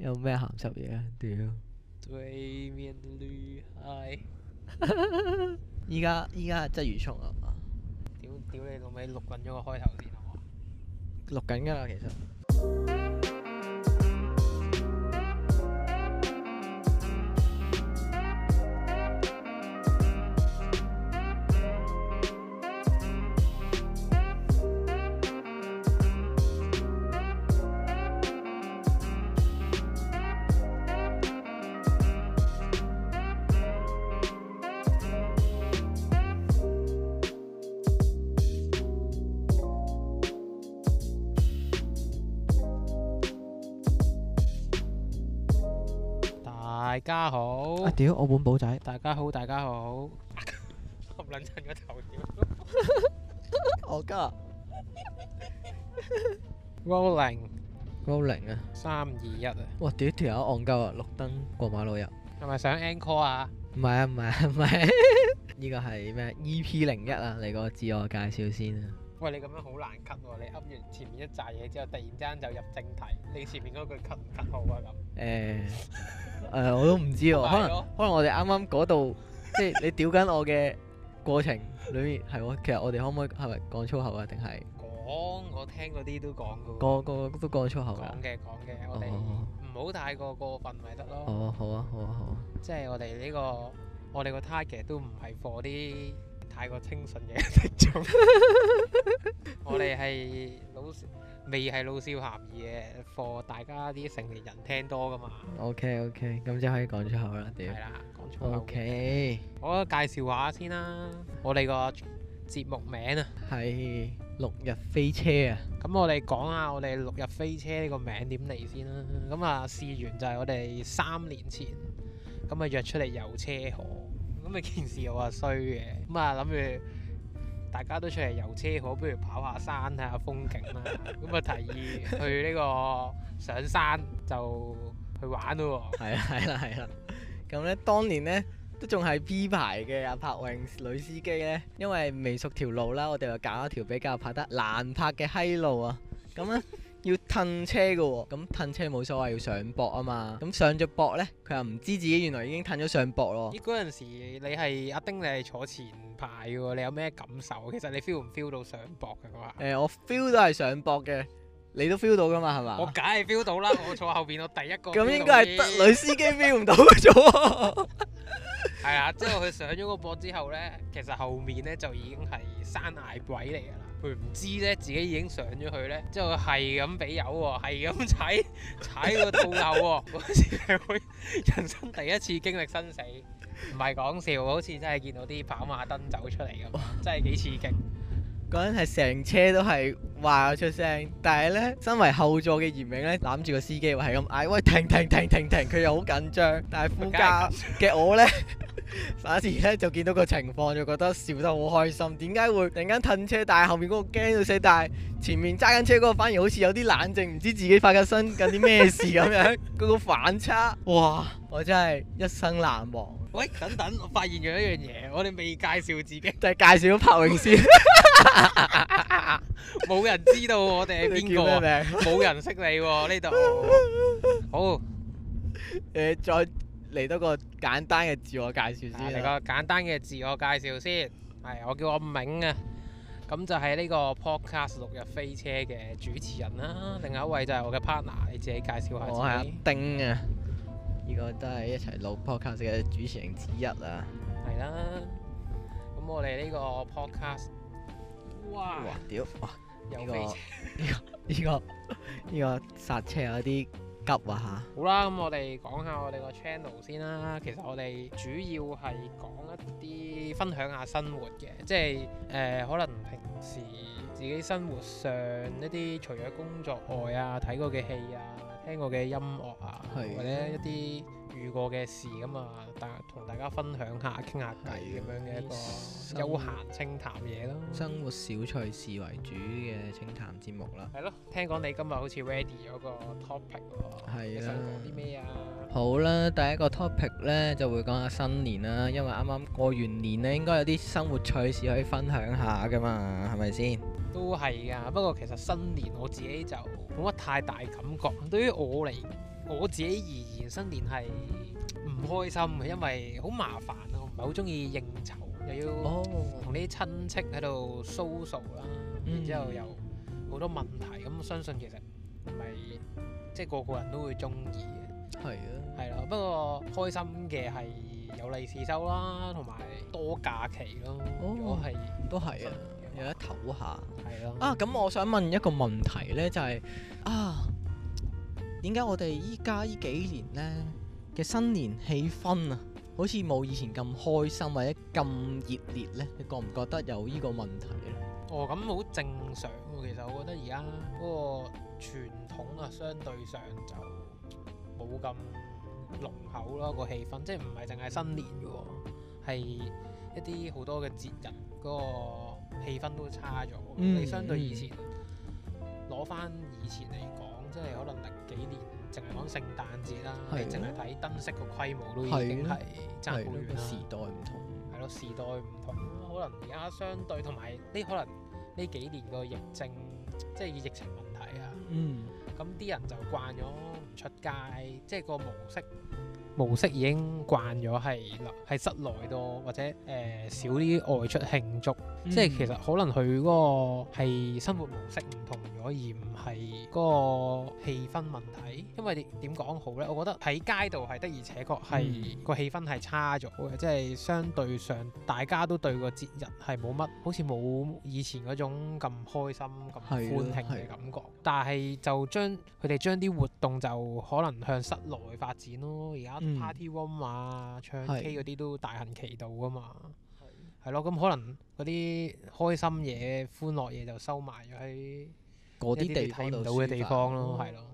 有咩鹹濕嘢？屌噗 對面女孩，依家依家係鯽魚蟲啊嘛！屌屌你老味錄緊咗個開頭先，好唔好？錄緊噶啦，其實。嗯大家好啊屌，我本寶仔，大家好，大家好，冧親個頭，屌，憨家，Rolling，Rolling 啊，三二一啊，哇屌，條友戇鳩啊，綠燈過馬路入，係咪想 Encore 啊？唔係啊，唔係啊，唔係，呢個係咩？EP 零一啊，你個自我介紹先啊。喂，你咁樣好難 cut 喎！你噏完前面一紮嘢之後，突然之間就入正題。你前面嗰句 cut 唔得好啊咁。誒誒、欸 嗯，我都唔知喎，可能 可能我哋啱啱嗰度，即係你屌緊我嘅過程裏面係喎。 其實我哋可唔可以係咪講粗口啊？定係講我聽嗰啲都講過。個，個個都講粗口啊。講嘅講嘅，我哋唔好太過過分咪得咯。哦好啊好啊好啊！即係、啊啊啊啊、我哋呢、這個我哋個 target 都唔係貨啲。太過清純嘅一眾， 我哋係老未係老少咸宜嘅課，大家啲成年人聽多㗎嘛。OK OK，咁就可以講出口啦。點？係啦，講出口。OK，我介紹下先啦。我哋個節目名啊，係六日飛車啊。咁我哋講下我哋六日飛車呢個名點嚟先啦。咁啊，事緣就係我哋三年前咁啊約出嚟遊車河。咁啊件事我啊衰嘅，咁啊諗住大家都出嚟遊車河，不如跑下山睇下風景啦。咁啊 提議去呢、這個上山就去玩咯、哦。係啊，係啦係啦，咁咧當年咧都仲係 B 牌嘅阿柏榮女司機咧，因為未熟條路啦，我哋又揀咗條比較拍得難拍嘅閪路啊。咁、嗯、啊～ 要褪車噶，哦，咁褪車冇所謂，要上博啊嘛。咁上咗博咧，佢又唔知自己原來已經褪咗上博咯。咦，嗰陣時你係阿丁，你係坐前排噶，你有咩感受？其實你 feel 唔 feel 到上博噶？欸？我誒，我 feel 都係上博嘅，你都 feel 到噶嘛？係嘛？ 我梗係 feel 到啦，我坐後邊，我第一個。咁應該係得女司機 feel 唔到咗。係啊，即係佢上咗個博之後咧，其實後面咧就已經係山崖鬼嚟噶啦。佢唔知咧，自己已經上咗去咧，之後係咁俾油喎，係咁踩踩個套牛喎，嗰時係我人生第一次經歷生死，唔係講笑，好似真係見到啲跑馬燈走出嚟咁，真係幾刺激。嗰陣係成車都係話有出聲，但係咧，身為後座嘅嚴明咧攬住個司機話係咁嗌，喂，停，停停停停停，佢又好緊張，但係副駕嘅我咧。 嗰時咧就見到個情況就覺得笑得好開心，點解會突然間褪車？但係後面嗰個驚到死，但係前面揸緊車嗰個反而好似有啲冷靜，唔知自己發生緊啲咩事咁樣，嗰 個反差，哇！我真係一生難忘。喂，等等，我發現咗一樣嘢，我哋未介紹自己，就係介紹咗柏榮先，冇 人知道我哋係邊個，冇人識你喎呢度，oh。好，誒、欸，再。嚟多個簡單嘅自我介紹先。嚟個簡單嘅自我介紹先。係，我叫阿明啊。咁就係呢個 Podcast 六日飛車嘅主持人啦、啊。另外一位就係我嘅 partner，你自己介紹下先。我係阿丁啊。呢、這個都係一齊錄 Podcast 嘅主持人之一啊。係啦、啊。咁我哋呢個 Podcast，哇！哇屌！哇，呢哇、這個呢、這個呢、這個呢、這個這個這個煞車有啲～急啊吓！好啦，咁我哋講下我哋個 channel 先啦。其實我哋主要係講一啲分享下生活嘅，即係誒、呃、可能平時自己生活上一啲，除咗工作外啊，睇過嘅戲啊，聽過嘅音樂啊，係或者一啲。遇過嘅事咁啊，大同大家分享下，傾下偈咁樣嘅一個休閒清談嘢咯。生活小趣事為主嘅清談節目啦。係咯，聽講你今日好似 ready 咗個 topic 喎？係啦的。你想講啲咩啊？好啦，第一個 topic 呢，就會講下新年啦，因為啱啱過完年呢，應該有啲生活趣事可以分享下噶嘛，係咪先？吧都係㗎，不過其實新年我自己就冇乜太大感覺。對於我嚟，我自己而言，新年係唔開心嘅，因為好麻煩，我唔係好中意應酬，又要同啲親戚喺度 social 啦，so, 嗯、然之後又好多問題。咁相信其實唔係即係個個人都會中意嘅。係啊的，係啦，不過開心嘅係有利是收啦，同埋多假期咯。如果的的哦，都係啊，有得唞下。係咯吧。啊，咁我想問一個問題咧，就係、是、啊。點解我哋依家呢幾年呢嘅新年氣氛啊，好似冇以前咁開心或者咁熱烈呢？你覺唔覺得有呢個問題咧？哦，咁好正常喎。其實我覺得而家嗰個傳統啊，相對上就冇咁濃厚咯，個氣氛即係唔係淨係新年嘅，係一啲好多嘅節日嗰個氣氛都差咗。嗯，你相對以前攞翻以前嚟講。即係可能呢幾年，淨係講聖誕節啦，的你淨係睇燈飾個規模都已經係爭好遠。時代唔同，係咯，時代唔同。可能而家相對，同埋呢可能呢幾年個疫症，即係疫情問題啊。嗯，咁啲人就慣咗唔出街，即係個模式。模式已經慣咗係係室內多，或者誒、呃、少啲外出慶祝，嗯、即係其實可能佢嗰個係生活模式唔同咗，而唔係嗰個氣氛問題。因為點講好呢？我覺得喺街度係的、嗯、的，而且確係個氣氛係差咗嘅，即係相對上大家都對個節日係冇乜好似冇以前嗰種咁開心咁的歡慶嘅感覺。但係就將佢哋將啲活動就可能向室內發展咯。而家。嗯、Party room 啊，唱 K 嗰啲都大行其道㗎嘛，係咯的，咁可能嗰啲開心嘢、歡樂嘢就收埋咗喺嗰啲睇唔到嘅地方咯，係、嗯、咯的。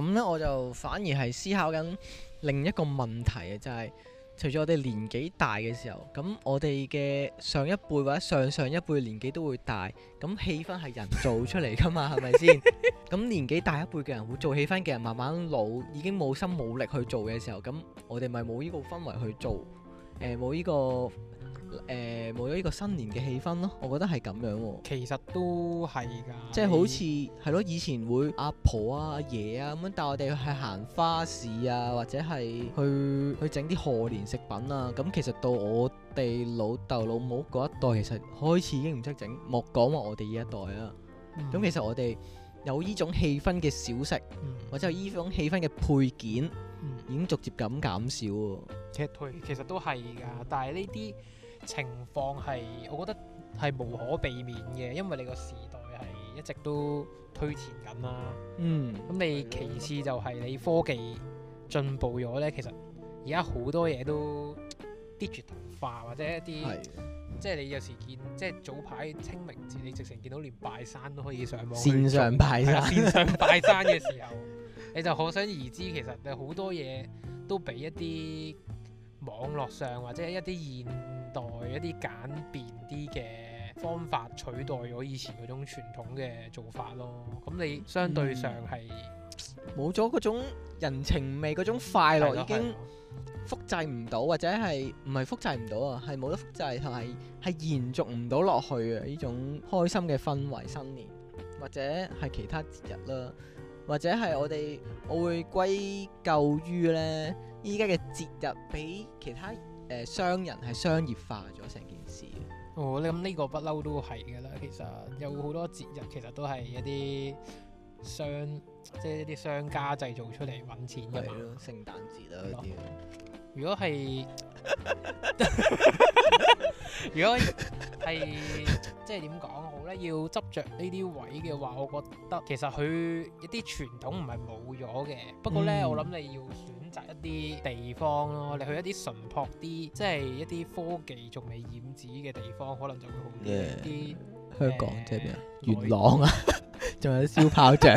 咁咧我就反而係思考緊另一個問題啊，就係、是。除咗我哋年紀大嘅時候，咁我哋嘅上一輩或者上上一輩年紀都會大，咁氣氛係人造出嚟㗎嘛，係咪先？咁年紀大一輩嘅人會做氣氛嘅人，慢慢老，已經冇心冇力去做嘅時候，咁我哋咪冇呢個氛圍去做，誒冇呢個。誒，冇咗呢個新年嘅氣氛咯，我覺得係咁樣。其實都係噶，即係好似係咯，以前會阿婆啊、阿爺啊咁樣帶我哋去行花市啊，或者係去去整啲賀年食品啊。咁，嗯嗯、其實到我哋老豆老母嗰一代，其實開始已經唔識整，莫講話我哋呢一代啦。咁其實我哋有呢種氣氛嘅小食，或者係呢種氣氛嘅配件，已經逐漸咁減少。其實其實都係噶，但係呢啲。情況係，我覺得係無可避免嘅，因為你個時代係一直都推前緊啦。嗯，咁你其次就係你科技進步咗呢，其實而家好多嘢都 digital 化或者一啲，的即係你有時見，即係早排清明節你直成見到連拜山都可以上網線上拜山，線上拜山嘅時候， 你就可想而知其實有好多嘢都俾一啲。網絡上或者一啲現代一啲簡便啲嘅方法取代咗以前嗰種傳統嘅做法咯，咁你相對上係冇咗嗰種人情味，嗰種快樂已經複製唔到，或者係唔係複製唔到啊？係冇得複製同埋係延續唔到落去啊！呢種開心嘅氛圍新年或者係其他節日啦，或者係我哋我會歸咎於呢。依家嘅節日比其他誒商人係商業化咗成件事。哦，你諗呢個不嬲都係㗎啦。其實有好多節日其實都係一啲商即係、即係、一啲商家製造出嚟揾錢㗎嘛。聖誕節啦、啊、的如果係， 如果係即係點講好咧？要執着呢啲位嘅話，我覺得其實佢一啲傳統唔係冇咗嘅。嗯、不過咧，我諗你要選一啲地方咯，你去一啲淳樸啲，即係一啲科技仲未染指嘅地方，可能就會好啲。香港即係邊啊？元朗啊？仲有燒炮仗？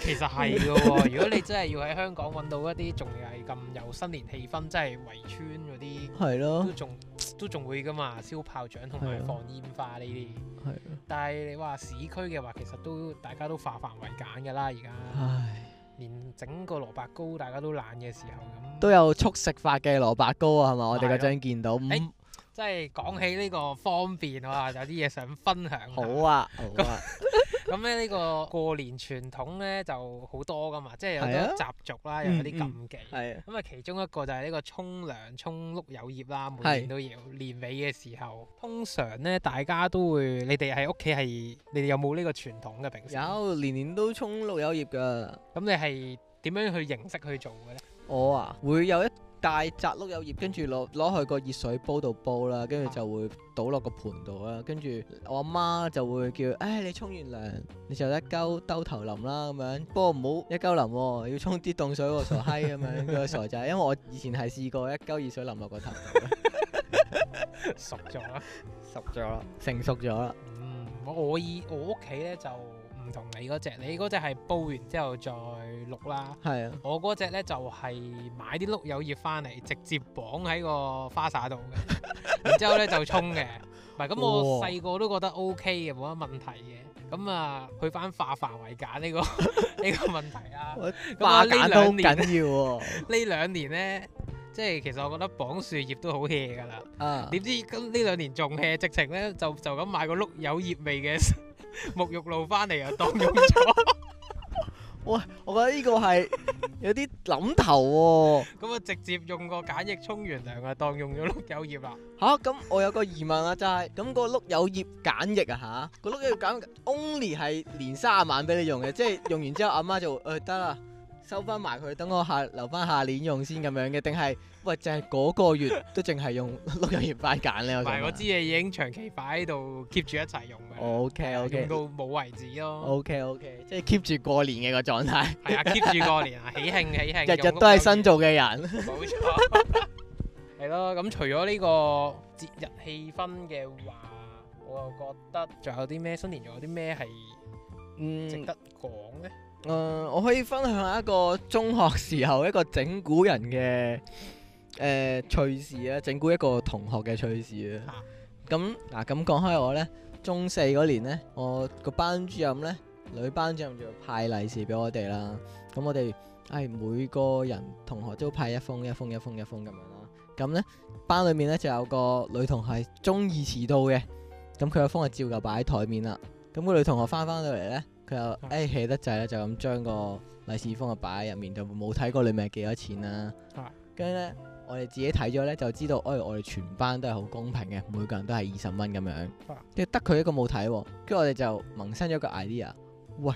其實係嘅喎， 如果你真係要喺香港揾到一啲仲係咁有新年氣氛，真係圍村嗰啲，係咯的，都仲都仲會噶嘛？燒炮仗同埋放煙花呢啲，係的。的但係你話市區嘅話，其實都大家都化繁為簡噶啦，而家。 連整個蘿蔔糕大家都懶嘅時候咁，都有速食化嘅蘿蔔糕啊，係嘛？我哋嗰張見到。即係講起呢個方便，哇！ 有啲嘢想分享好、啊。好啊，咁咧呢個過年傳統咧就好多噶嘛，即係有啲習俗啦，又、啊、有啲禁忌。咁、嗯、啊，其中一個就係呢個沖涼沖碌柚葉啦，每年都要是年尾嘅時候。通常咧，大家都會，你哋喺屋企係，你哋有冇呢個傳統嘅平時？有年年都沖碌柚葉㗎。咁你係點樣去形式去做嘅咧？我啊會有一大紮碌柚葉，跟住攞攞去個熱水煲度煲啦，跟住就會倒落個盆度啦。跟住我阿媽，媽就會叫：誒、哎、你沖完涼，你就一鳩兜頭淋啦咁樣。不過唔好一鳩淋喎，要沖啲凍水喎，傻閪咁樣個傻仔。因為我以前係試過一鳩熱水淋落個頭， 熟咗啦，熟咗，成熟咗啦。嗯，我以我屋企咧就。同你嗰隻，你嗰隻係煲完之後再碌啦。係啊，我嗰隻咧就係、係、買啲碌柚葉翻嚟，直接綁喺個花灑度嘅， 然之後咧就沖嘅。唔係咁， 我細個都覺得 O K 嘅，冇乜問題嘅。咁啊，去翻化繁為簡呢、呢個呢 個問題啊。化簡通緊要喎、啊。嗯、兩 兩呢兩年咧，即係其實我覺得綁樹葉都好 hea 噶啦。啊、uh.。點知咁呢兩年仲 hea，直情咧就就咁買個碌柚葉味嘅。 沐浴露翻嚟啊，當用咗， 喂，我覺得呢個係有啲諗頭喎。咁啊， 我直接用個鹼液沖完涼啊，當用咗碌柚葉啦。吓、啊，咁我有個疑問啊，就係、是、咁、那個碌柚葉鹼液啊、吓、啊， 個碌柚葉鹼 only 係年卅晚俾你用嘅，即係用完之後阿媽就誒得、呃、啦。收翻埋佢，等我下留翻下年用先，咁樣嘅，定係喂，就係嗰個月都淨係用碌柚葉塊揀咧。我 我知你已經長期擺喺度 keep 住一齊用。O K O K，到冇為止咯。O K O K，即係 keep 住過年嘅、 啊、個狀態。係啊，keep 住過年啊，喜慶喜慶。日日都係新做嘅人。冇 錯。 係咯，咁除咗呢個節日氣氛嘅話，我又覺得仲有啲咩新年仲有啲咩係值得講咧？呢誒、呃，我可以分享一個中學時候一個整蠱人嘅、誒、呃、趣事啊，整蠱一個同學嘅趣事啊。咁嗱、嗯、咁、啊、講、嗯、開我呢，中四嗰年呢，我個班主任呢，女班主任就派利是俾我哋啦。咁、嗯、我哋唉、哎，每個人同學都派一封一封一封一封咁樣啦。咁、嗯、呢，班裏面呢就有個女同學係中意遲到嘅，咁佢嘅封就照舊擺喺台面啦。咁、嗯、個女同學翻翻到嚟呢，佢又、哎、氣得滯啦，就咁將個利是封啊擺喺入面，就冇睇過裏面幾多錢啦、啊。跟住咧，我哋自己睇咗咧，就知道，哎，我哋全班都係好公平嘅，每個人都係二十蚊咁樣。即係得佢一個冇睇，跟住我哋就萌生咗個 idea，喂，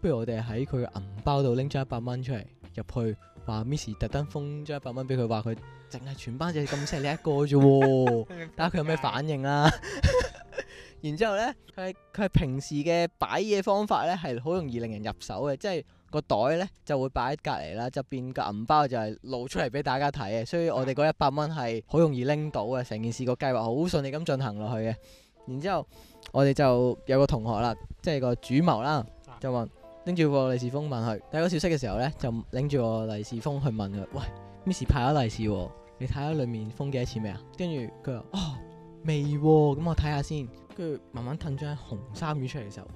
不如我哋喺佢銀包度拎出一百蚊出嚟入去，話 Miss 特登封張一百蚊俾佢，話佢淨係全班就係咁識叻一個啫。睇下佢有咩反應啊！ 然之後呢，佢佢平時嘅擺嘢方法呢係好容易令人入手嘅，即係個袋呢就會擺喺隔離啦，就變個銀包就係露出嚟俾大家睇嘅，所以我哋嗰一百蚊係好容易拎到嘅，成件事個計劃好順利咁進行落去嘅。然之後我哋就有個同學啦，即係個主謀啦，就話拎住個利是封問佢第一個小息嘅時候呢，就拎住個利是封去問佢：喂，Miss 派咗利是喎，你睇下裡面封幾多錢未啊？跟住佢話：哦，未喎，哦，咁我睇下先看看。跟住慢慢褪咗紅衫魚出嚟嘅時候，哇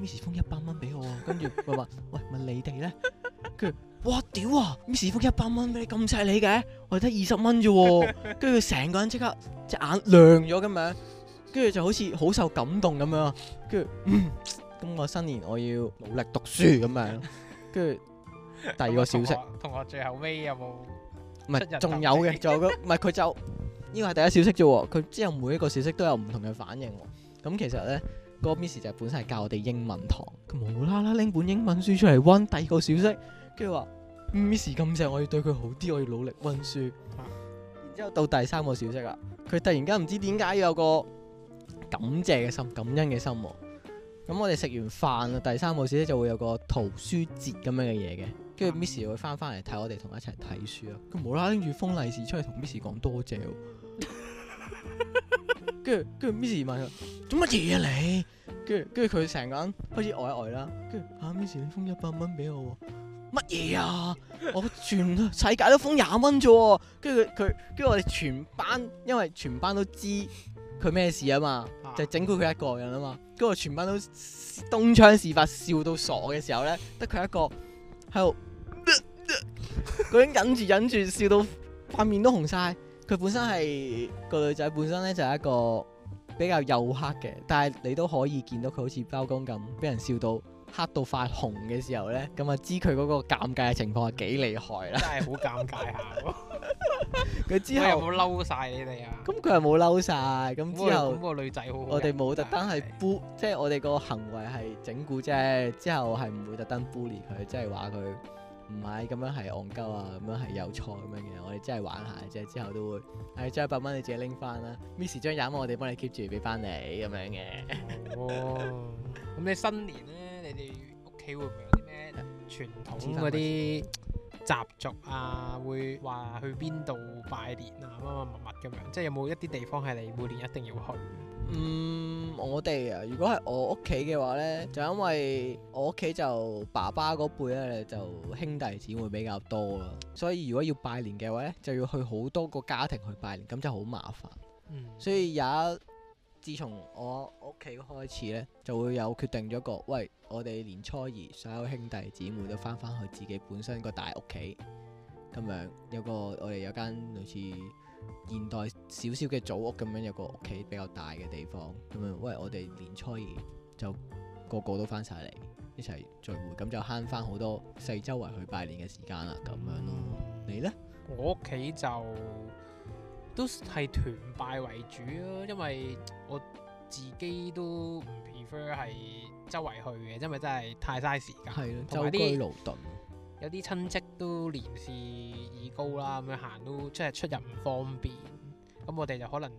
！Miss 封一百蚊俾我，跟住佢話，喂，問你哋咧？跟住 哇屌啊！Miss 封一百蚊俾你咁犀利嘅，我得二十蚊啫，跟住成個人即刻隻眼亮咗咁樣，跟住就好似好受感動咁樣，跟住嗯，咁我新年我要努力讀書咁樣，跟住 第二個小息，同學最後尾有冇？唔係， 仲有嘅，仲有個，唔係佢就。呢個係第一小息啫喎，佢之後每一個小息都有唔同嘅反應喎。咁、嗯、其實呢、呢個 Miss 就係本身係教我哋英文堂，佢無啦啦拎本英文書出嚟温第二個小息，跟住話 Miss 咁正，我要對佢好啲，我要努力温書。然之後到第三個小息啊，佢突然間唔知點解有個感謝嘅心、感恩嘅心喎。咁我哋食完飯啊，第三個小息就會有個圖書節咁樣嘅嘢嘅，跟住 Miss 又會翻返嚟睇我哋同一齊睇書啊，佢無啦啦拎住封利是出嚟同 Miss 講多謝喎。跟住跟住 Miss 問佢做乜嘢啊你？跟住跟住佢成個人開始呆一呆啦。跟住吓、啊、Miss 你封一百蚊俾我，乜嘢啊？我全世界都封廿蚊咋？跟住佢佢跟住我哋全班，因為全班都知佢咩事啊嘛，就是、整蠱佢一個人啊嘛。跟住全班都東窗事發笑到傻嘅時候咧，得佢一個喺度嗰種忍住忍住笑到塊面都紅晒。佢本身係、嗰個女仔，本身咧就係、係、一個比較幼黑嘅，但係你都可以見到佢好似包公咁，俾人笑到黑到發紅嘅時候咧，咁啊知佢嗰個尷尬嘅情況係幾厲害啦！真係好尷尬下佢 之後又有冇嬲晒你哋啊？咁佢又冇嬲晒。咁之後、嗰個嗰個、我哋冇。女仔好，我哋冇特登係 bully 即係我哋個行為係整蠱啫，之後係唔會特登 bully 佢，即係話佢。唔係咁樣係戇鳩啊，咁樣係有錯咁樣嘅。我哋真係玩下啫，之後都會誒將一百蚊你自己拎翻啦。Miss 將廿蚊我哋幫你 keep 住俾翻你咁樣嘅、嗯。哦，咁 你新年咧，你哋屋企會唔會有啲咩傳統嗰啲習俗啊，會話去邊度拜年啊，乜乜乜咁樣，即係有冇一啲地方係你每年一定要去？嗯，我哋啊，如果係我屋企嘅話呢，就因為我屋企就爸爸嗰輩咧就兄弟姊妹比較多啊。所以如果要拜年嘅話呢，就要去好多個家庭去拜年，咁就好麻煩。嗯，所以有。自從我屋企開始呢，就會有決定咗個，喂，我哋年初二所有兄弟姊妹都翻返去自己本身個大屋企，咁樣有個我哋有間類似現代少少嘅祖屋咁樣，有個屋企比較大嘅地方，咁樣，喂，我哋年初二就個個都翻晒嚟一齊聚會，咁就慳翻好多四周圍去拜年嘅時間啦，咁樣咯。嗯，你呢？我屋企就。都係團拜為主啊，因為我自己都唔 prefer 係周圍去嘅，因為真係太嘥時間。係咯對，舟車勞頓。對有啲親戚都年事已高啦，咁樣、嗯、行都即係出，出入唔方便。咁我哋就可能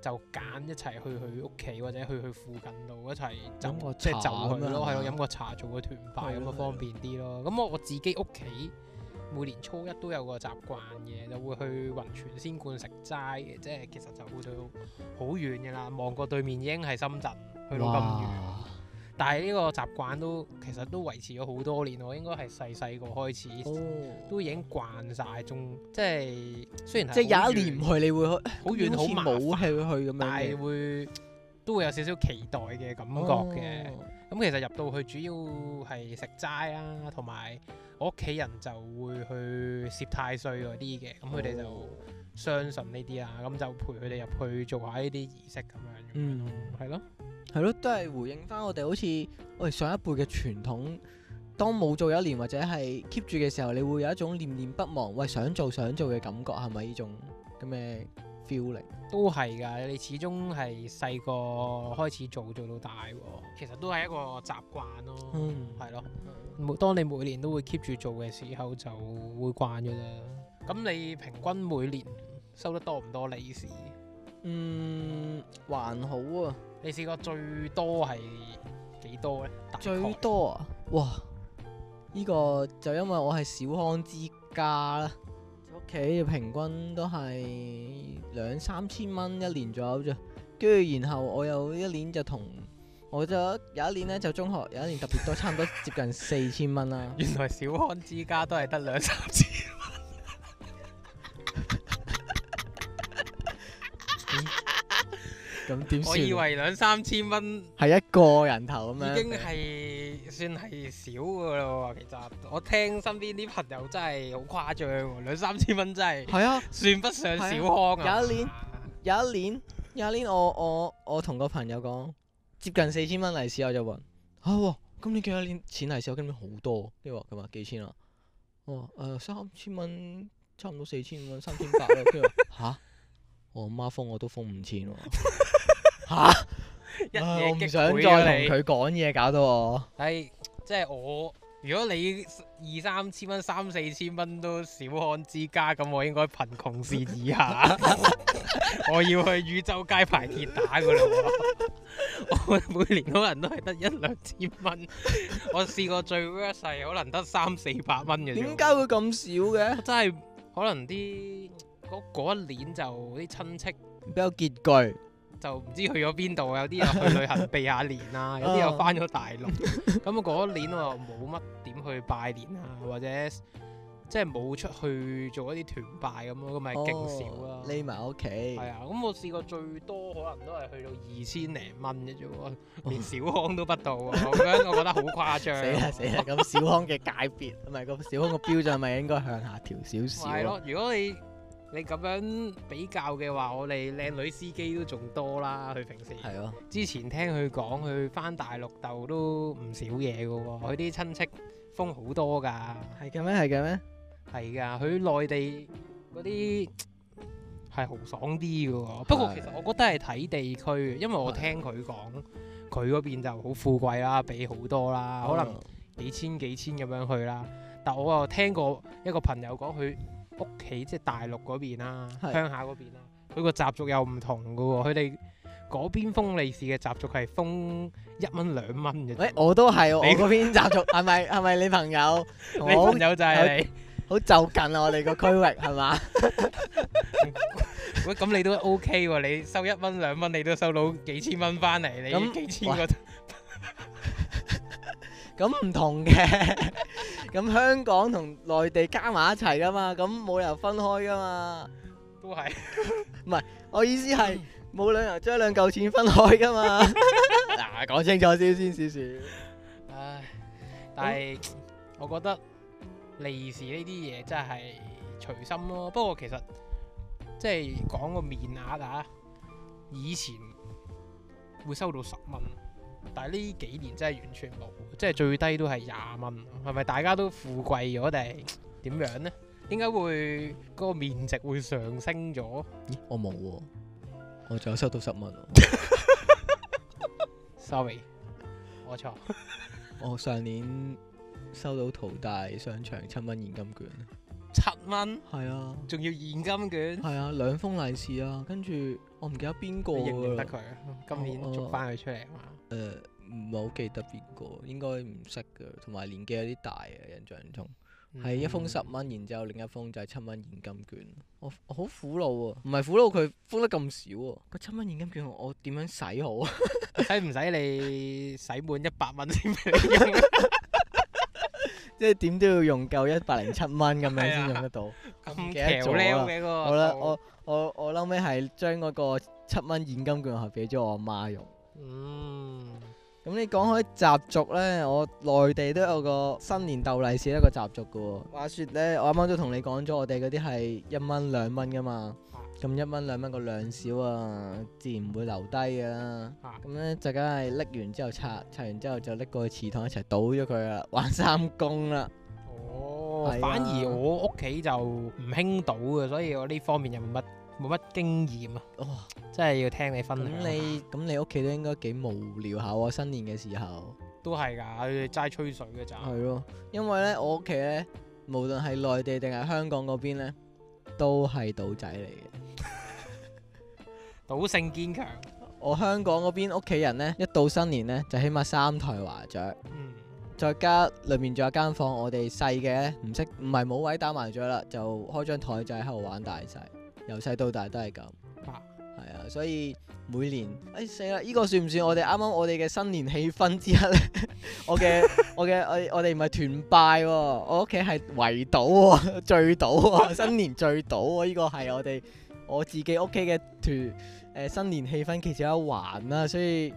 就揀一齊去佢屋企，或者去佢附近度一齊個即係走去咯，係咯吧，飲個茶做個團拜咁啊，對了 就方便啲咯。咁我我自己屋企。每年初一都有一個習慣嘅，就會去雲泉仙觀食齋嘅，即係其實就會好遠嘅啦，望過對面已經係深圳，去到咁遠。哇但係呢個習慣都其實都維持咗好多年，我應該係細細個開始，哦、都已經慣晒。仲即係雖然即係有一年唔去，你會去，好 遠好麻煩冇係會去咁， 但係會都會有少少期待嘅感覺嘅。哦。咁其實入到去主要係食齋啦，啊，同埋我屋企人就會去攝太歲嗰啲嘅，咁佢哋就相信呢啲啊，咁就陪佢哋入去做下呢啲儀式咁樣。嗯，係咯，係咯，都係回應翻我哋好似我哋上一輩嘅傳統，當冇做一年或者係 keep 住嘅時候，你會有一種念念不忘，喂想做想做嘅感覺，係咪呢種咁嘅？feel 都係噶，你始終係細個開始做，做到大，其實都係一個習慣咯，係、嗯、咯。每當你每年都會 keep 住做嘅時候，就會慣咗啦。咁你平均每年收得多唔多利是？嗯，還好啊。你試過最多係幾多咧？最多啊！哇、呢、這個就因為我係小康之家啦。企平均都係兩三千蚊一年左右啫，跟住然後我有一年就同，我就有一年呢就中學，有一年特別多， 差唔多接近四千蚊啦、啊。原來小康之家都係得兩三千。我以為兩三千蚊係一個人頭咁樣，已經係算係少噶咯。其實我聽身邊啲朋友真係好誇張，兩三千蚊真係係啊，算不上小康、啊、 有一年，有一年，有一年我，我我我同個朋友講接近四千蚊利是，我就話吓，咁你幾多年錢利是，我今年好多，佢話咁啊，幾千啊？哦、啊，誒三千蚊，差唔多四千蚊，三千八咯、啊。吓、 啊，我阿媽封我都封五千喎、啊。 吓！哈一嘢激我想再同佢講嘢，搞到我係即係我。如果你二三千蚊、三四千蚊都小康之家，咁我應該貧窮線以下。 我要去宇宙街排鐵打噶啦！ 我每年可能都係得一兩千蚊。 我試過最細可能得三四百蚊嘅。點解會咁少嘅？真係 可能啲嗰一年就啲親戚比較拮據。就唔知去咗邊度，有啲又去旅行避下年啦，有啲又返咗大陸。咁啊嗰年我又冇乜點去拜年啊，或者即係冇出去做一啲團拜咁咯，咪勁少啦。匿埋屋企。係啊，咁我試過最多可能都係去到二千零蚊嘅啫喎，連小康都不到喎。咁、哦、 樣我覺得好誇張。死啦死啦！咁小康嘅界別，咪咁 小康嘅標準咪應該向下調少少咯。係咯， 如果你。你咁樣比較嘅話，我哋靚女司機都仲多啦。佢平時係咯，之前聽佢講，佢返大陸鬥都唔少嘢嘅喎。佢啲親戚封好多㗎。係嘅咩？係嘅咩？係㗎。佢內地嗰啲係豪爽啲嘅喎。不過其實我覺得係睇地區嘅，因為我聽佢講，佢嗰的邊就好富貴啦，俾好多啦，的可能幾千幾千咁樣去啦。但我又聽過一個朋友講佢。屋企即係大陸嗰邊啦，鄉下嗰邊啦，佢個習俗又唔同噶，佢哋嗰邊封利是嘅習俗係封一蚊兩蚊嘅。喂、欸，我都係，你嗰邊習俗係咪係咪你朋友？ 你朋友就係你好就近、啊、我哋個區域係嘛？喂，咁你都 OK、啊、你收一蚊兩蚊，你都收到幾千蚊翻嚟，你幾千個，咁唔 同嘅。 咁香港同內地加埋一齊噶嘛，咁冇理由分開噶嘛，都係是。唔 係，我意思係冇理由將兩嚿錢分開噶嘛。嗱、 啊，講清楚先先少少。唉、呃，但係、嗯、我覺得利是呢啲嘢真係隨心咯。不過其實即係講個面額啊，以前會收到十蚊。但係呢幾年真係完全冇，即係最低都係廿蚊，係咪大家都富貴咗定點樣呢？點解會嗰、嗰個面值會上升咗。咦，我冇，我仲有收到十蚊。我 Sorry，我錯。我上年收到淘大商場七蚊現金券，七蚊係啊，仲要現金券，係啊，兩封利是啊，跟住我唔記得邊個啊，認唔認得佢？啊、今年捉翻佢出嚟啊！誒，唔係好，呃、記得邊個，應該唔識嘅，同埋年紀有啲大嘅。印象中，係，嗯、一封十蚊，然之後另一封就係七蚊現金券。我我好苦惱啊，唔係苦惱佢封得咁少啊，個七蚊現金券我點樣使好啊？使唔使你使滿一百蚊先俾？即係點都要用夠一百零七蚊咁樣先用得到。咁巧靚嘅個好。我咧，我我我嬲尾係將嗰個七蚊現金券係俾咗我阿媽用。嗯，咁你講開習俗呢，我內地都有個新年逗利是一個習俗噶。話說呢，我啱啱都同你講咗，我哋嗰啲係一蚊兩蚊噶嘛，咁一蚊兩蚊個量少啊，自然唔會留低噶啦。咁呢、啊，就梗係拎完之後拆，拆完之後就拎過去祠堂一齊倒咗佢啦，玩三公啦。哦，啊、反而我屋企就唔興倒嘅，所以我呢方面又冇乜。冇乜經驗啊！哇、哦，真係要聽你分享。咁你咁你屋企都應該幾無聊下喎？新年嘅時候都係㗎，佢哋齋吹水嘅咋。係咯，因為咧，我屋企咧，無論係內地定係香港嗰邊咧，都係賭仔嚟嘅， 賭性堅強。我香港嗰邊屋企人咧，一到新年咧，就起碼三台麻雀，嗯、再加裏面仲有間房，我哋細嘅唔識唔係冇位打麻雀啦，就開張台仔喺度玩大細。由細到大都係咁，係啊，所以每年，哎死啦！呢、這個算唔算我哋啱啱我哋嘅新年氣氛之一咧？ 我嘅 我嘅我我哋唔係團拜喎、哦，我屋企係圍賭喎、哦，聚賭喎，新年聚賭喎，呢個係我哋我自己屋企嘅團誒、呃、新年氣氛其實一環啦、啊。所以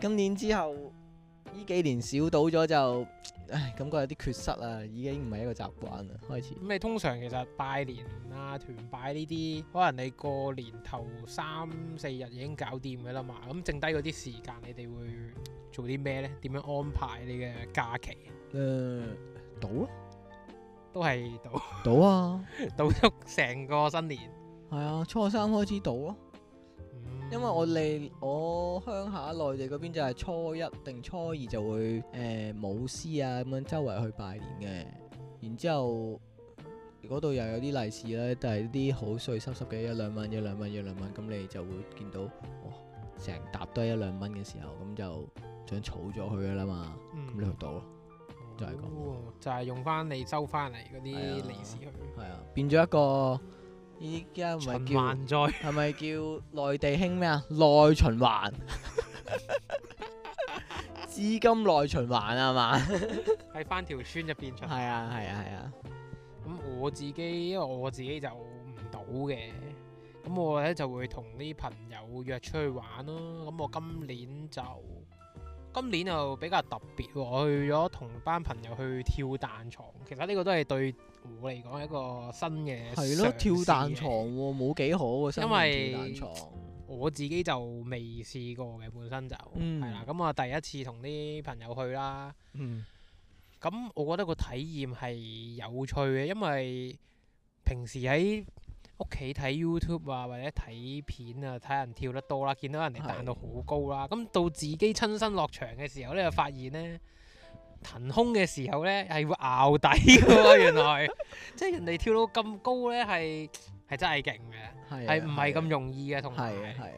今年之後呢幾年少賭咗就。唉，感覺有啲缺失啊，已經唔係一個習慣啦。開始咁，你通常其實拜年啊、團拜呢啲，可能你過年頭三四日已經搞掂嘅啦嘛。咁剩低嗰啲時間，你哋會做啲咩呢？點樣安排你嘅假期？誒、呃，賭咯，都係賭賭啊，賭足成、啊、 個新年。係啊，初三開始賭咯、啊。因為我哋我鄉下內地嗰邊就係初一定初二就會誒舞獅啊咁樣周圍去拜年嘅，然之後嗰度又有啲利是咧，但係啲好碎濕濕嘅一兩蚊、一兩蚊、一兩蚊，咁你就會見到哇，成疊都係一兩蚊嘅時候，咁就想儲咗佢噶啦嘛，咁、嗯、你去到、哦、就係咁，就係用翻你收翻嚟嗰啲利是去，係啊，變咗一個。而家唔係叫，係咪環叫內地興咩啊？內循環，資金內循環啊嘛。喺翻 條村入邊出。係啊係啊係啊。咁、啊啊、我自己，因為我自己就唔到嘅。咁我咧就會同啲朋友約出去玩咯。咁我今年就今年就比較特別喎，我去咗同班朋友去跳彈床。其實呢個都係對。我嚟講係一個新嘅，跳彈床喎、哦，冇幾好。因為我自己就未試過嘅，本身就係啦。咁、嗯、我第一次同啲朋友去啦。咁、嗯、我覺得個體驗係有趣嘅，因為平時喺屋企睇 YouTube 啊，或者睇片啊，睇人跳得多啦，見到人哋彈到好高啦。咁到自己親身落場嘅時候咧，你就發現咧。騰空嘅時候咧，係會拗底嘅喎、啊，原來， 即係人哋跳到咁高咧，係係真係勁嘅，係唔係咁容易嘅，的同埋時，係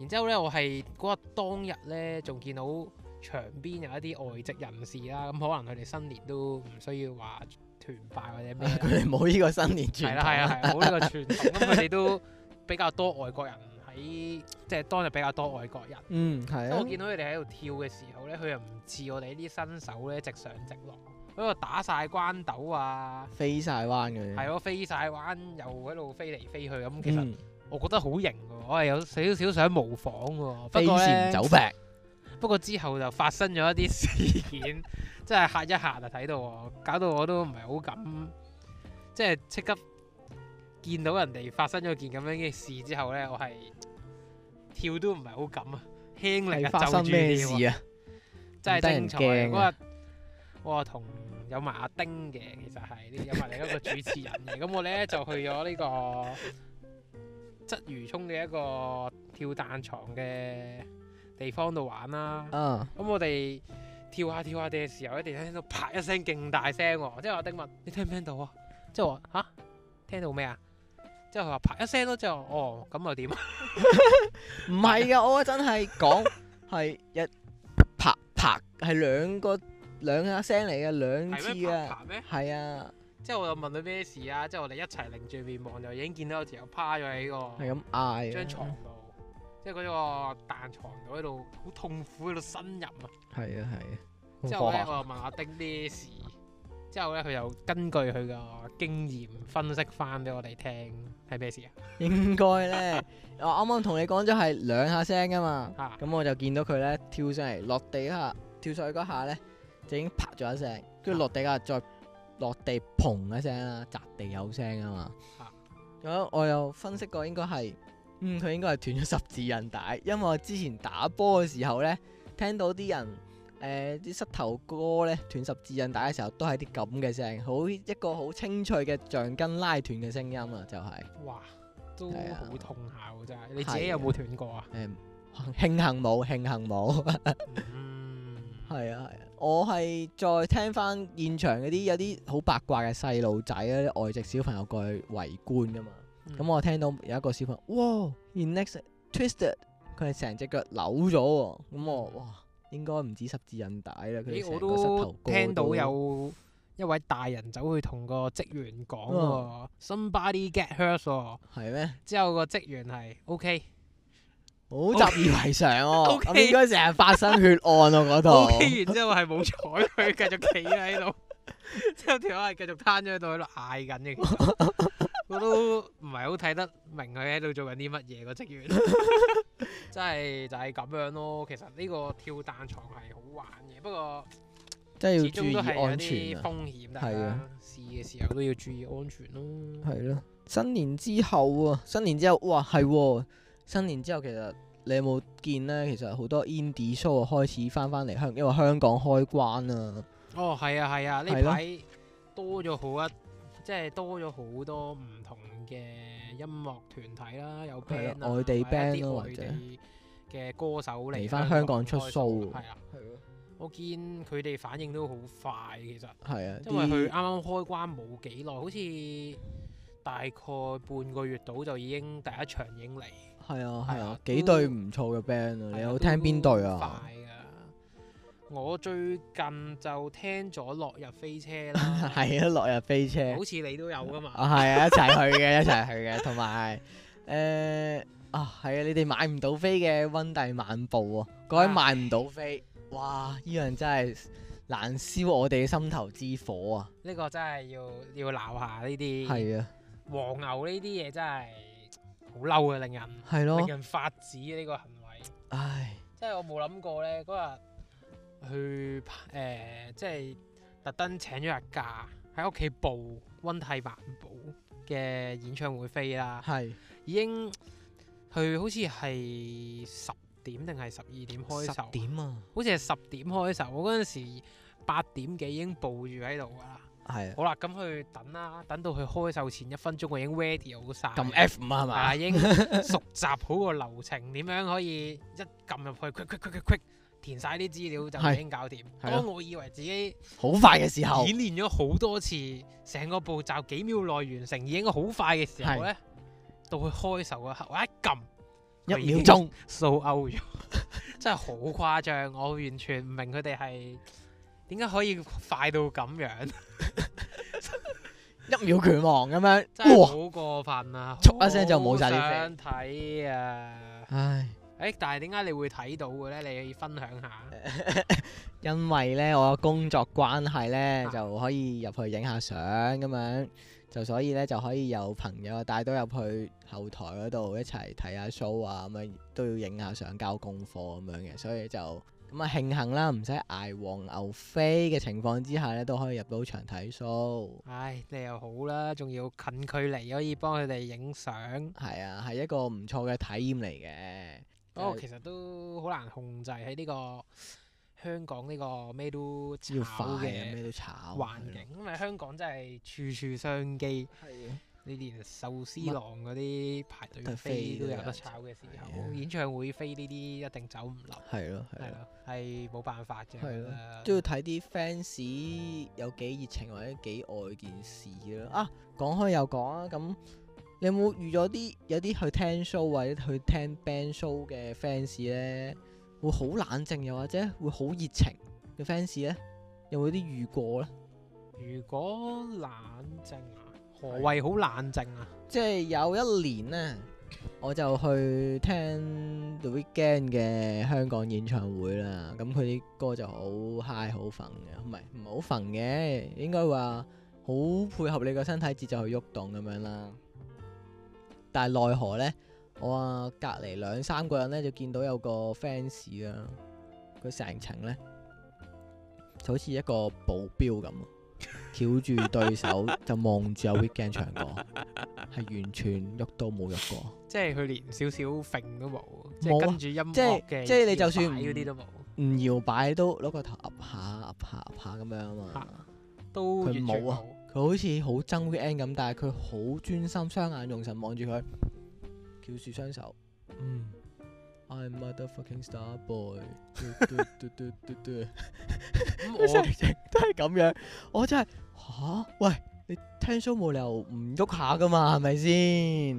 然之後咧，我係嗰日當日咧，仲見到場邊有一啲外籍人士啦，咁可能佢哋新年都唔需要話團拜或者咩，佢哋冇呢個新年係啦，係啊，冇呢個傳統，咁佢哋都比較多外國人。喺即係當日比較多外國人，嗯係，啊、我見到佢哋喺度跳嘅時候咧，佢又唔似我哋啲新手咧直上直落，喺度打晒關斗啊，飛晒彎嘅，係哦、啊，飛晒彎又喺度飛嚟飛去，咁其實我覺得好型喎，嗯、我係有少少想模仿喎，飛檐走壁，不過之後就發生咗一啲事件， 真係吓一吓就睇到，搞到我都唔係好敢，即係即刻。見到人哋發生咗件咁樣嘅事之後咧，我係跳都唔係好敢啊！輕力嘅、啊、生住啲事啊，真係精彩！嗰日、啊、我同有埋阿丁嘅，其實係有埋另一個主持人嘅。咁 我咧就去咗呢、呢個鰂魚涌嘅一個跳彈牀嘅地方度玩啦。嗯，咁我哋跳下跳下地嘅時候一定然聽到啪一聲勁大聲喎、哦！即係我阿丁問，你聽唔聽到啊？即係我話吓？聽到咩啊？即係佢話拍一聲咯，之後哦咁又點？唔係啊，我嗰陣係講係一拍拍係兩個兩下聲嚟嘅兩次啊，係啊！之後我又問佢咩事啊！之後我哋一齊凝住面望，就已經見到有條友趴咗喺個係咁嗌張床度，即係嗰個彈牀度喺度好痛苦喺度呻吟啊！係啊係啊！之、啊、後我我又問阿、啊、丁咩事？之後咧，佢就根據佢個經驗分析翻俾我哋聽，係咩事啊？應該咧， 我啱啱同你講咗係兩下聲噶嘛，咁、啊、我就見到佢咧跳上嚟，落地嗰下跳上去嗰下咧就已經啪咗一聲，跟住落地嗰下再、啊、落地砰一聲啦，砸地有聲啊嘛。咁、啊、我又分析過，應該係嗯佢應該係斷咗十字韌帶，因為我之前打波嘅時候咧聽到啲人。誒，啲膝頭哥咧斷十字韌帶嘅時候，都係啲咁嘅聲，好一個好清脆嘅橡筋拉斷嘅聲音啊，就係。哇，都好痛下嘅真係，你自己有冇斷過啊？誒，慶幸冇，慶幸冇。嗯，係啊係啊，我係再聽翻現場嗰啲有啲好八卦嘅細路仔啊，外籍小朋友過去圍觀噶嘛，咁我聽到有一個小朋友，哇，inext twisted，佢係成隻腳扭咗，咁我哇。應該唔止十字韌帶啦，佢哋成個膝頭哥、欸、聽到有一位大人走去同個職員講喎、嗯、Somebody get hurt 喎嗎。係咩？之後個職員係嗎 OK，好習以為常喎、啊。k 應該成日發生血案喎嗰 k 然之後係冇睬佢，繼續企喺度。之 後條友係繼續攤咗喺度喺度嗌緊嘅。 我都唔係好睇得明佢喺度做緊啲乜嘢個職員， 真係就係咁樣咯。其實呢個跳彈床係好玩嘅，不過真係、啊、要注意安全。風險係啊，試嘅時候都要注意安全咯、啊。係咯，新年之後啊，新年之後，哇，係喎！新年之後其實你有冇見咧？其實好多 Indie Show 開始翻翻嚟香，因為香港開關啊。哦，係啊，係啊，呢排多咗好一。即係多咗好多唔同嘅音樂團體啦，okay, 有外地 band 啊，band 是有啲嘅歌手嚟，嚟翻香港出 show。係啊，我見佢哋反應都好快，其實係啊，因為佢啱啱開關冇幾耐，好似大概半個月到就已經第一場影嚟。係啊，係啊，啊都幾對唔錯嘅 band 啊，你有聽邊對啊？我最近就聽咗落日飛車啦，係啊，落日飛車，好似你都有噶嘛？啊，係啊，一齊去嘅，一齊去嘅，同埋誒啊，係啊，你哋買唔到飛嘅温蒂漫步喎，各位買唔到飛，哇！依樣真係難消我哋嘅心頭之火啊！呢個真係要要鬧下呢啲，係啊，黃牛呢啲嘢真係好嬲啊，令人係咯，令人發指啊呢個行為，唉，真係我冇諗過咧嗰日。去誒、呃，即係特登請咗日假喺屋企報温替萬寶嘅演唱會飛啦。係是，已經佢好似係十點定係十二點開售。十點啊，好似係十點開售。我嗰陣時八點幾已經報住喺度噶啦。係的。好啦，咁佢等啦，等到佢開售前一分鐘，我已經 ready 好晒。撳 F 五係嘛，已經熟習好個流程，點 樣可以一撳入去 quick quick quick quick quick quick 填晒啲資料就已經搞掂。當的我以為自己好快嘅時候，演練咗好多次，成個步驟幾秒內完成，已經好快嘅時候咧，的到佢開手嘅刻，我一撳一秒鐘 sold out 咗， 真係好誇張！我完全唔明佢哋係點解可以快到咁樣， 一秒拳王咁樣， 真係好過分啊！噏哇、啊、一聲就冇晒啲飛。想睇啊！唉。誒，但係點解你會睇到嘅咧？你可以分享下。 因為咧，我工作關係咧，啊、就可以入去影下相咁樣，就所以咧就可以有朋友帶到入去後台嗰度一齊睇下 show 啊，咁樣都要影下相交功課咁樣嘅，所以就咁啊，慶幸啦，唔使捱黃牛飛嘅情況之下咧，都可以入到場睇 show。唉、哎，你又好啦，仲要近距離可以幫佢哋影相，係啊，係一個唔錯嘅體驗嚟嘅。不過、哦、其實都好難控制喺呢個香港呢個咩都炒嘅咩都炒環境，啊、因為香港真係處處商機。係啊的，你連壽司郎嗰啲排隊飛麼都有得炒嘅時候，的演唱會飛呢啲一定走唔甩。係咯，係咯，係冇辦法嘅。係咯，都要睇啲 fans 有幾熱情或者幾愛件事咯。的的啊，講開又講啊，咁。你有冇遇咗啲有啲去聽 show 或者去聽 band show 嘅 fans 咧，會好冷靜又或者會好熱情嘅 fans 咧？有冇啲遇過咧？如果冷靜啊？何謂好冷靜啊？即係有一年咧，我就去聽 The Weeknd 嘅香港演唱會啦。咁佢啲歌就好嗨、好 fun 嘅，唔係唔好 fun 嘅，應該話好配合你個身體節奏去喐動咁樣啦。但係奈何咧，我啊隔離兩三個人咧就見到有個 fans 啊，佢成程咧就好似一個保鏢咁，翹住 對手就望住有 weekend 唱歌，係 完全喐都冇喐過。即係佢連少少揈都冇，即係是跟住音樂嘅。即係是你就算唔搖啲都冇，唔搖擺都攞個頭壓下壓下壓下咁樣啊嘛，都完全冇。佢好似好憎 V N 咁，但係佢好專心，雙眼用神望住佢，翹住雙手。嗯，I'm motherfucking Starboy。都係咁樣，我真係嚇。喂，你聽 show 冇理由唔喐下噶嘛，係咪先？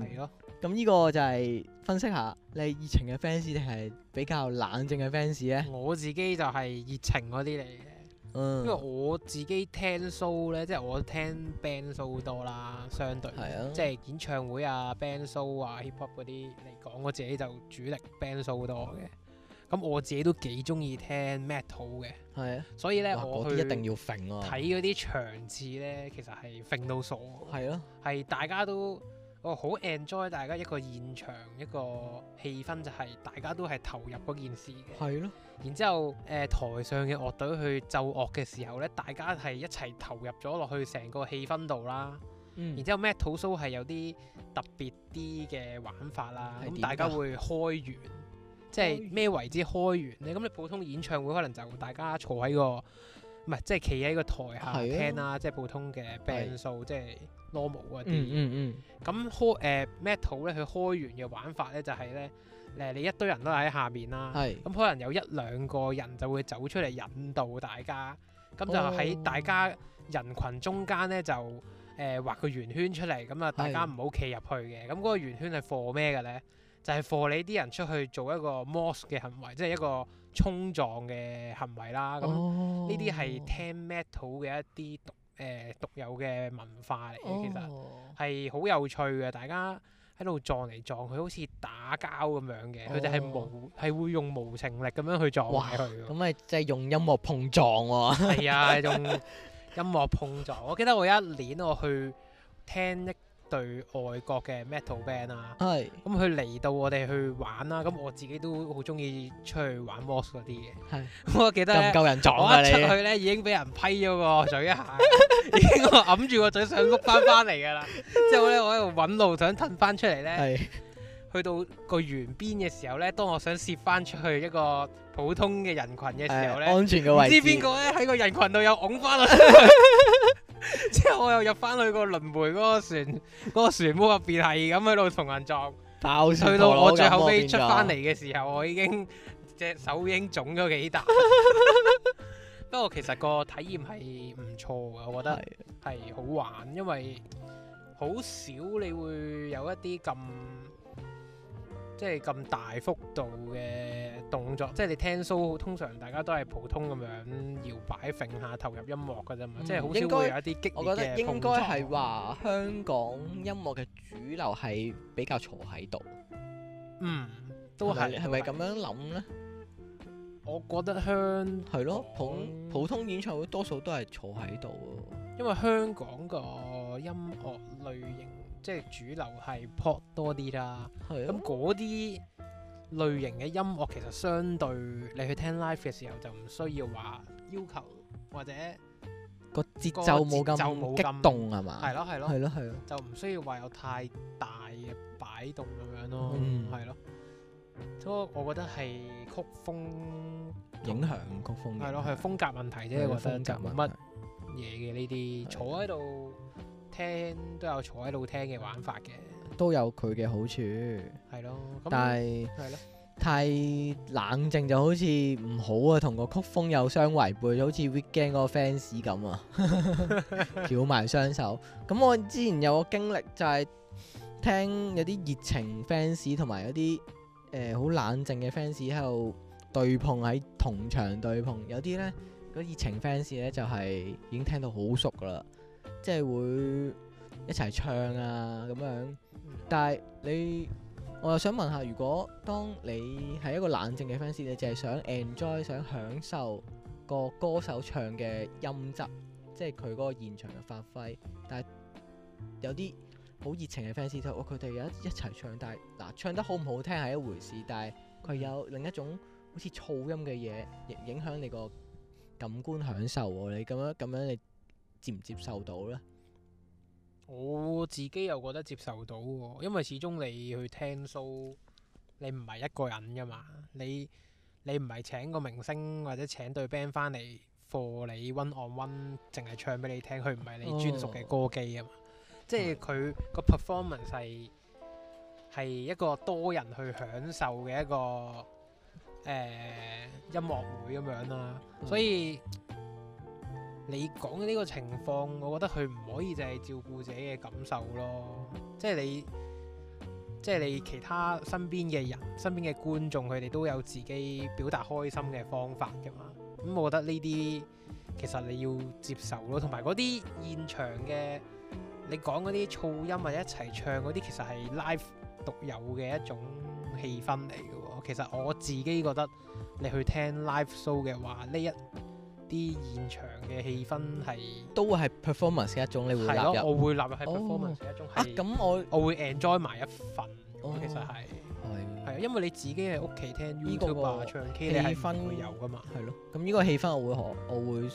係咯。咁呢個就係分析下你熱情嘅 fans 定係比較冷靜嘅 fans 咧？我自己就係熱情嗰啲嚟嘅。嗯、因為我自己聽 show 咧，即係我聽 band show 多啦，相對，啊、即係演唱會啊、band show 啊、hip hop 嗰啲嚟講，我自己就主力 band show 多嘅。咁我自己都幾中意聽 metal 嘅，啊、所以咧嘩我一定要揈咯。睇嗰啲場次咧，其實係揈到傻。係咯、啊。係大家都哦好 enjoy，大家一個現場一個氣氛就係大家都係投入嗰件事嘅。係咯、啊。然之後，誒、呃、台上嘅樂隊去奏樂嘅時候咧，大家係一齊投入咗落去成個氣氛度啦。嗯。然之後 Metal Show 係有啲特別啲嘅玩法啦，咁、嗯、大家會開完，即係咩為之開完咧？咁你普通演唱會可能就大家坐喺個，唔係即係企喺個台下聽啦，啊、即係普通嘅 band show，so, 即係 normal 嗰啲。嗯嗯嗯。咁開誒 Metal 咧？佢、嗯嗯、開完嘅玩，玩法咧就係咧。誒你一堆人都喺下面啦，咁是、嗯、可能有一兩個人就會走出嚟引導大家，咁、哦、就喺大家人群中間咧就誒畫、呃、個圓圈出嚟，咁、嗯、啊大家唔好企入去嘅，咁嗰是個圓圈係 for 咩嘅咧？就係、是、for 你啲人出去做一個 mosh 嘅行為，即係一個衝撞嘅行為啦。咁呢啲係聽 metal 嘅一啲獨誒獨有嘅文化嚟，嘅，其實係好、哦、有趣嘅，大家。喺度撞嚟撞去，好似打交咁樣嘅。佢哋係無係會用無情力咁樣去撞壞佢。咁咪即係用音樂碰撞？係啊， 啊，用音樂碰撞。 我記得我一年我去聽一。對外國嘅 metal band 啊是，係咁佢嚟到我哋去玩啦，咁我自己都好中意出去玩 mosh 嗰啲嘅，係是。我記得夠人撞一出去咧已經俾人批咗個嘴一下， 已經我揞住個嘴想碌翻翻嚟噶啦。 之後咧我喺度揾路想褪翻出嚟咧，是去到個沿邊嘅時候咧，當我想攝翻出去一個普通嘅人群嘅時候咧，安全嘅位置。唔知邊個咧喺個人群度又拱翻啦。 之後我又入翻去個輪迴嗰個船，嗰個船塢入邊係咁喺度同人撞，去到我最後尾出翻嚟嘅時候， 我已經隻手已經腫咗幾大。 不過其實個體驗係唔錯㗎，我覺得係好玩，因為好少你會有一啲咁。即係咁大幅度嘅動作，即係你聽 show 通常大家都係普通咁樣搖擺揈下投入音樂嘅啫嘛，即係好少會有啲激烈嘅。我覺得應該係話香港音樂嘅主流係比較坐喺度，嗯，都係係咪咁樣諗呢？我覺得香，係咯，普普通演唱會多數都係坐喺度，因為香港個音樂類型。即係主流係 pop 多啲啦、啊，咁嗰啲類型嘅音樂其實相對你去聽 live 嘅時候就唔需要話要求或者個節奏冇咁激動係嘛？係咯，係咯，係咯，係咯，啊啊啊啊、就唔需要話有太大嘅擺動咁樣咯，係咯、嗯。都、啊啊、我覺得係曲風影響曲風，係咯，係風格問題啫，個風格對就冇乜嘢嘅呢啲坐喺度。聽都有坐喺度聽嘅玩法嘅，都有佢嘅好處，係咯。但係是係、嗯、咯，太冷靜就好似唔好啊，同個曲風又相違背，好似 Weeknd 嗰個 fans 咁啊，翹埋雙手。咁我之前有個經歷就係聽有啲熱情 fans 同埋有啲誒好冷靜嘅 fans 喺度對碰喺同場對碰，有啲咧個熱情 fans 咧就係已經聽到好熟噶啦。即係會一齊唱啊咁樣，但係你我又想問下，如果當你係一個冷靜嘅 fans，你淨係想 enjoy 想享受個歌手唱嘅音質，即係佢嗰個現場嘅發揮，但係有啲好熱情嘅 fans 就話佢哋有一一齊唱，但係嗱唱得好唔好聽係一回事，但係佢有另一種好似噪音嘅嘢，亦影響你個感官享受喎、啊。你咁樣咁樣你，接唔接受到呢？我自己又覺得接受到喎，因為始終你去聽 show，你唔係一個人噶嘛，你你唔係請個明星或者請對 band 翻嚟 for 你 one on one，淨係唱俾你聽，佢唔係你專屬嘅歌姬啊嘛，oh. 即係佢個 performance 係係一個多人去享受嘅一個誒、呃、音樂會咁樣啦，oh. 所以。你講嘅呢個情況，我覺得佢唔可以淨係照顧自己嘅感受咯。即係你，即係你其他身邊嘅人、身邊嘅觀眾，佢哋都有自己表達開心嘅方法㗎嘛。咁、嗯、我覺得呢啲其實你要接受咯，同埋嗰啲現場嘅你講嗰啲噪音或者一齊唱嗰啲，其實係 live 獨有嘅一種氣氛嚟嘅喎。其實我自己覺得，你去聽 live show 嘅話，呢一啲現場嘅氣氛係都會係 performance 一種，你會納入。我會納入喺 performance 一種、哦。的啊，咁我我會 enjoy 埋一份。哦，其實係係啊，因為你自己喺屋企聽呢 YouTube 唱 K，氛你係氛會有噶嘛？係咯，咁呢個氣氛我會我會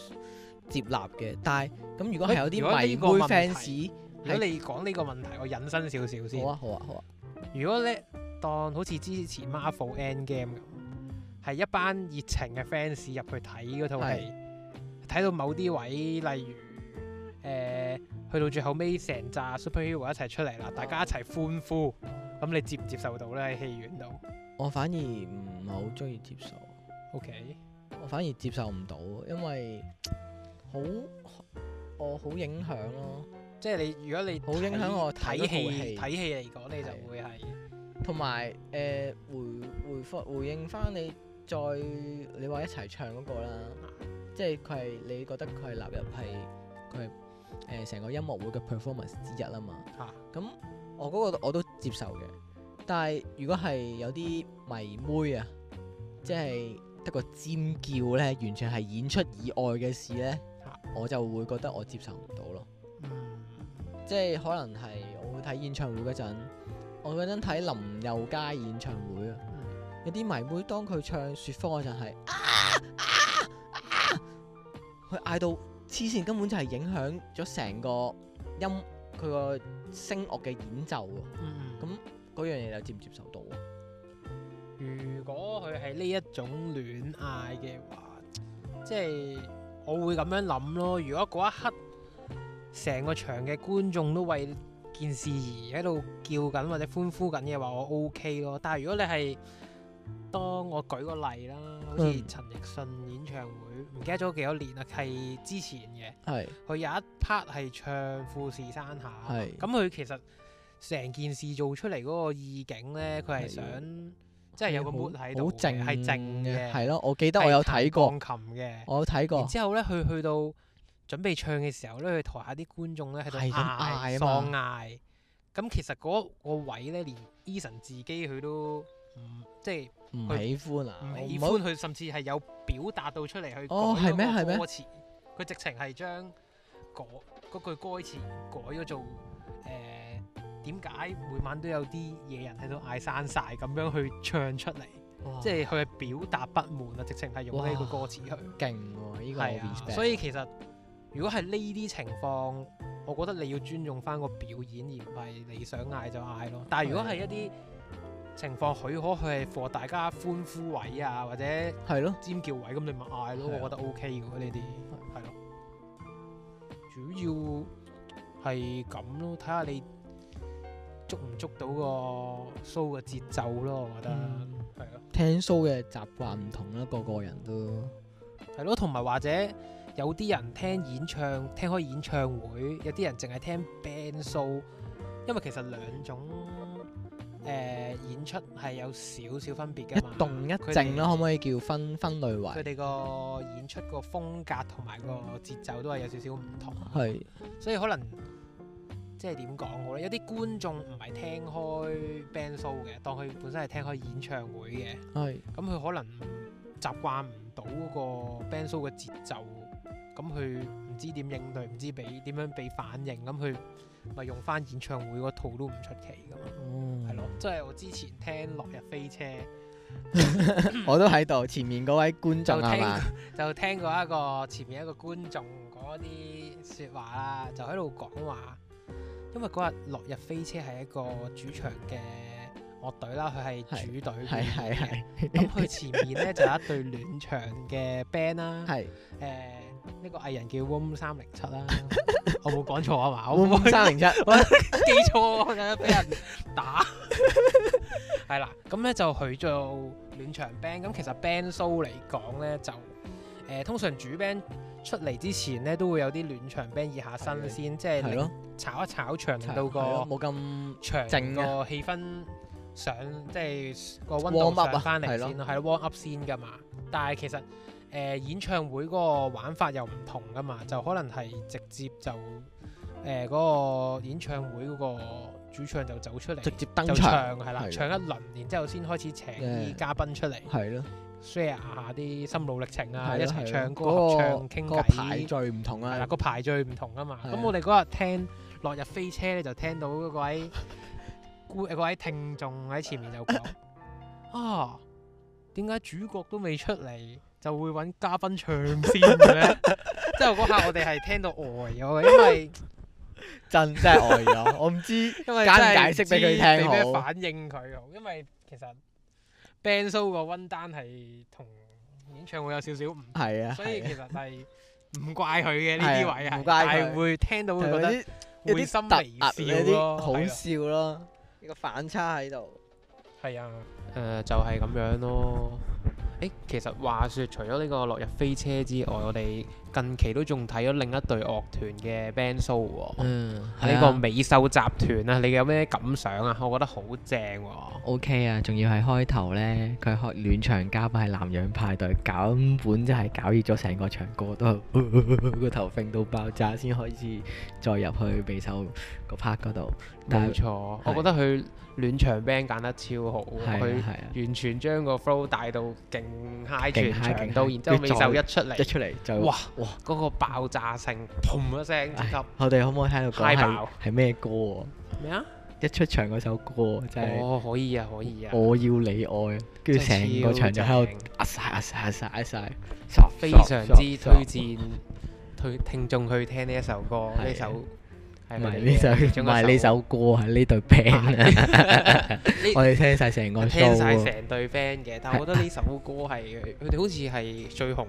接納嘅。但係咁，如果係有啲迷妹 fans，如果你講呢個問題，我隱身少少先好、啊。好啊，好啊，好啊。如果咧，當好似支持 Marvel Endgame 咁，係一班熱情嘅 fans 入去睇套戲。睇到某啲位，例如誒，去、呃、到最後尾，成扎 superhero 一齊 Super 出嚟啦，啊、大家一齊歡呼，咁、嗯、你接唔接受到咧？喺戲院度，我反而唔好鍾意接受。O Okay . K，我反而接受唔到，因為好，我、哦、好影響咯。即係你，如果你好影響看我睇戲，睇戲嚟講你就會係。同埋誒回回覆回應返你，再你話一齊唱嗰個啦。即係佢係你覺得佢係納入係佢係誒成個音樂會嘅 performance 之一啊嘛。嚇、啊！咁我嗰個我都接受嘅，但係如果係有啲迷妹啊，即係得個尖叫咧，完全係演出以外嘅事咧，啊、我就會覺得我接受唔到咯。嗯、即係可能係我睇演唱會嗰陣，我嗰陣睇林宥嘉演唱會啊，嗯、有啲迷妹當佢唱《說謊》嗰陣係啊！啊佢嗌到黐線，根本就係影響咗成個音佢個聲樂嘅演奏喎。咁嗰、嗯嗯、樣嘢你接唔接受到？如果佢係呢一種亂嗌嘅話，即係我會咁樣諗咯。如果嗰一刻成個場嘅觀眾都為件事而喺度叫緊或者歡呼緊嘅話，我 OK 咯。但係如果你係，當我舉個例啦，好似陳奕迅演唱會，唔記得咗幾多年啦，係之前嘅。係佢有一 part 係唱富士山下，咁佢其實成件事做出嚟嗰個意境咧，佢係想即係有個 mood 喺度，好靜，係靜嘅。係咯，我記得我有睇過鋼琴嘅，我睇過。然之後咧，佢去到準備唱嘅時候咧，佢台下啲觀眾咧喺度嗌，喪嗌。咁其實嗰個位咧，連 Eason 自己佢都唔即係。唔喜歡啊！唔喜歡佢，不甚至係有表達到出嚟去改咗咩歌詞。佢直情係將嗰句歌詞改咗做誒，點解每晚都有啲野人喺度嗌生晒」咁樣去唱出嚟，哦、即係佢係表達不滿啦。直情係用呢個歌詞去。勁喎，呢、啊呢個係、啊、所以其實如果係呢啲情況，我覺得你要尊重翻個表演，而唔係你想嗌就嗌咯。但係如果係一啲，情況許可，佢係畀大家歡呼位啊，或者尖叫位，咁的你咪嗌咯。我覺得 O K 嘅喎，呢啲係咯。的主要係咁咯，睇下你捉唔捉到個 show 嘅節奏咯。我覺得係咯，嗯、的聽 show 嘅習慣唔同啦，個個人都係咯，同埋或者有啲人聽演唱，聽開演唱會，有啲人淨係聽 band show，因為其實兩種。誒、呃、演出係有少，少少分別嘅，一動一靜咯，們可唔可以叫分分類為佢哋個演出個風格同埋個節奏都係有少少唔同，係是，所以可能即係點講好咧？有啲觀眾唔係聽開 band show 嘅，當佢本身係聽開演唱會嘅，係是，咁佢可能習慣唔到嗰個 band show 嘅節奏，咁佢。知點應對，唔知俾點樣俾反應，咁佢咪用翻演唱會嗰套都唔出奇噶嘛，係咯、嗯。即係我之前聽落日飛車， 我都喺度前面嗰位觀眾啊就，聽 就聽過一個前面一個觀眾嗰啲説話啦，就喺度講話，因為嗰日落日飛車係一個主場嘅樂隊啦，佢係主隊，係係係。咁佢前面咧就有一隊暖場嘅 band 啦，係誒。呢個藝人叫 WOM 三零七啦，我冇講錯啊嘛，Warm 三零七，我記錯了，俾 人打。係 啦，咁咧就去做暖場 band，咁其實 band show 嚟講咧就誒、呃，通常主 band 出嚟之前咧都會有啲暖場 band 熱下身先，對即係炒，炒一炒場炒到個冇咁長個氣氛上，啊、即係個温度上翻嚟先咯，係 warm up 先噶嘛，但係其實。誒、呃、演唱會嗰個玩法又唔同噶嘛，就可能係直接就誒嗰、呃嗰個演唱會嗰個主唱就走出嚟，直接登場係啦，唱，的唱一輪，然之後先開始請啲嘉賓出嚟，係咯的，share 下啲心路歷程啊，的一齊唱歌的唱傾偈。個排序唔同啊，個排序唔同噶嘛。咁的我哋嗰日聽《落日飛車》咧，就聽到嗰位、 呃、位聽眾喺前面就講啊，點、啊、解、啊啊、主角都未出嚟？就會揾嘉賓唱先嘅咧，即係嗰刻我哋係聽到呆咗嘅，因為 真真係呆咗，我唔知。因為真係唔知。解釋俾佢聽咩反應佢好，因為其實 band show 個 run down 係同演唱會有少少唔同啊，啊所以其實係唔怪佢嘅呢啲位係，係會聽到會覺得會心有心微笑咯，好笑咯，呢、啊、個反差喺度。係啊，誒，就係、是、咁樣咯。誒，其實話説，除咗呢個落日飛車之外，我哋近期都仲睇咗另一隊樂團嘅 band show 喎。嗯，係呢個美秀集團啊，嗯、你有咩感想啊？我覺得好正喎。O K 啊，仲要係開頭呢，佢開暖場加埋係南洋派對，根本就係搞熱咗成個場，歌都個 頭揈到爆炸先開始再入去美秀個 part 嗰度。冇錯，我覺得佢暖場 band 揀得超好，佢完全將個 flow 帶到勁嗨，全場到，然之後尾奏一出嚟，一出嚟就哇哇嗰個爆炸性，砰一聲就急。我哋可唔可以喺度講係咩歌啊？咩啊？一出場嗰首歌真係。哦，可以啊，可以啊！我要你愛，跟住成個場就喺度啊晒，啊晒，啊晒，啊晒！」非常之推薦推聽眾去聽呢一首歌呢首。同埋呢首，唔係呢首歌係呢對 band 我哋聽晒成個，聽晒成對 band 嘅，但係我覺得呢首歌係佢哋好似係最紅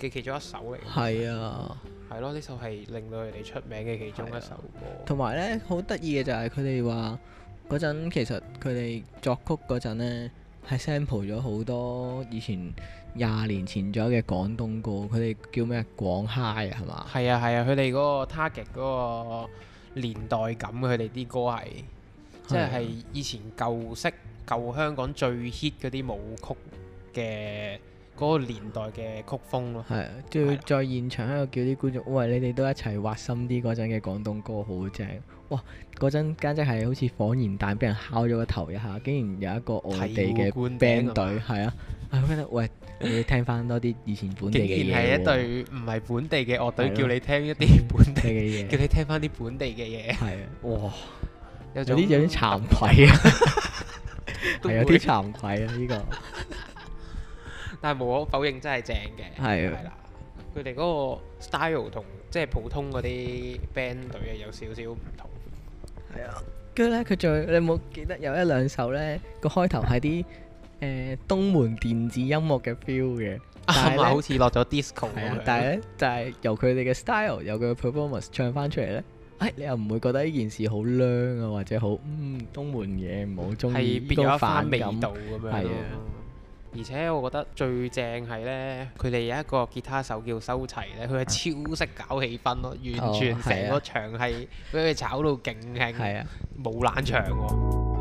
嘅其中一首嚟。係啊，係咯，呢首係令到佢哋出名嘅其中一首歌。同埋呢，好得意嘅就係佢哋話嗰陣，其實佢哋作曲嗰陣呢係 sample 咗好多以前，廿年前左右嘅廣東歌，佢哋叫咩？廣嗨啊，係嘛？係啊係啊，佢哋嗰個 target 嗰個年代感，佢哋啲歌係、啊、即係以前舊式舊香港最 hit 嗰啲舞曲嘅。嗰個年代嘅曲風咯，係，仲要在現場喺度叫啲觀眾，喂，你哋都一齊挖心啲嗰陣嘅廣東歌好正，哇！嗰陣簡直係好似火炎彈俾人敲咗個頭一下，竟然有一個外地嘅 band 隊，係啊，啊咩喂，你要聽翻多啲以前本地嘅嘢，竟然係一隊唔係本地嘅樂隊叫你聽一啲本地嘅嘢，嗯、 叫你聽翻啲本地嘅嘢，係啊，哇！有啲種有啲慚愧啊，係有啲慚愧啊呢、呢個。但係無可否認真的正正的，真係正嘅。係啦，佢哋嗰個 style 同即係普通嗰啲 band 隊啊，有少少唔同。係啊，跟住咧，佢仲你有冇記得有一兩首咧個開頭係啲誒東門電子音樂嘅 feel 嘅，但係好似落咗 disco 咁。但係咧，就係由佢哋嘅 style，由佢嘅 performance 唱翻出嚟咧，誒、哎、你又唔會覺得呢件事好靚啊，或者好嗯東門嘢唔好中意邊個反感咁樣咯。 的 而且我覺得最正係呢，佢哋有一個吉他手叫修齊呢，佢係超識搞氣氛咯，完全成個場係俾佢炒到勁興，冇、哦啊、冷場喎。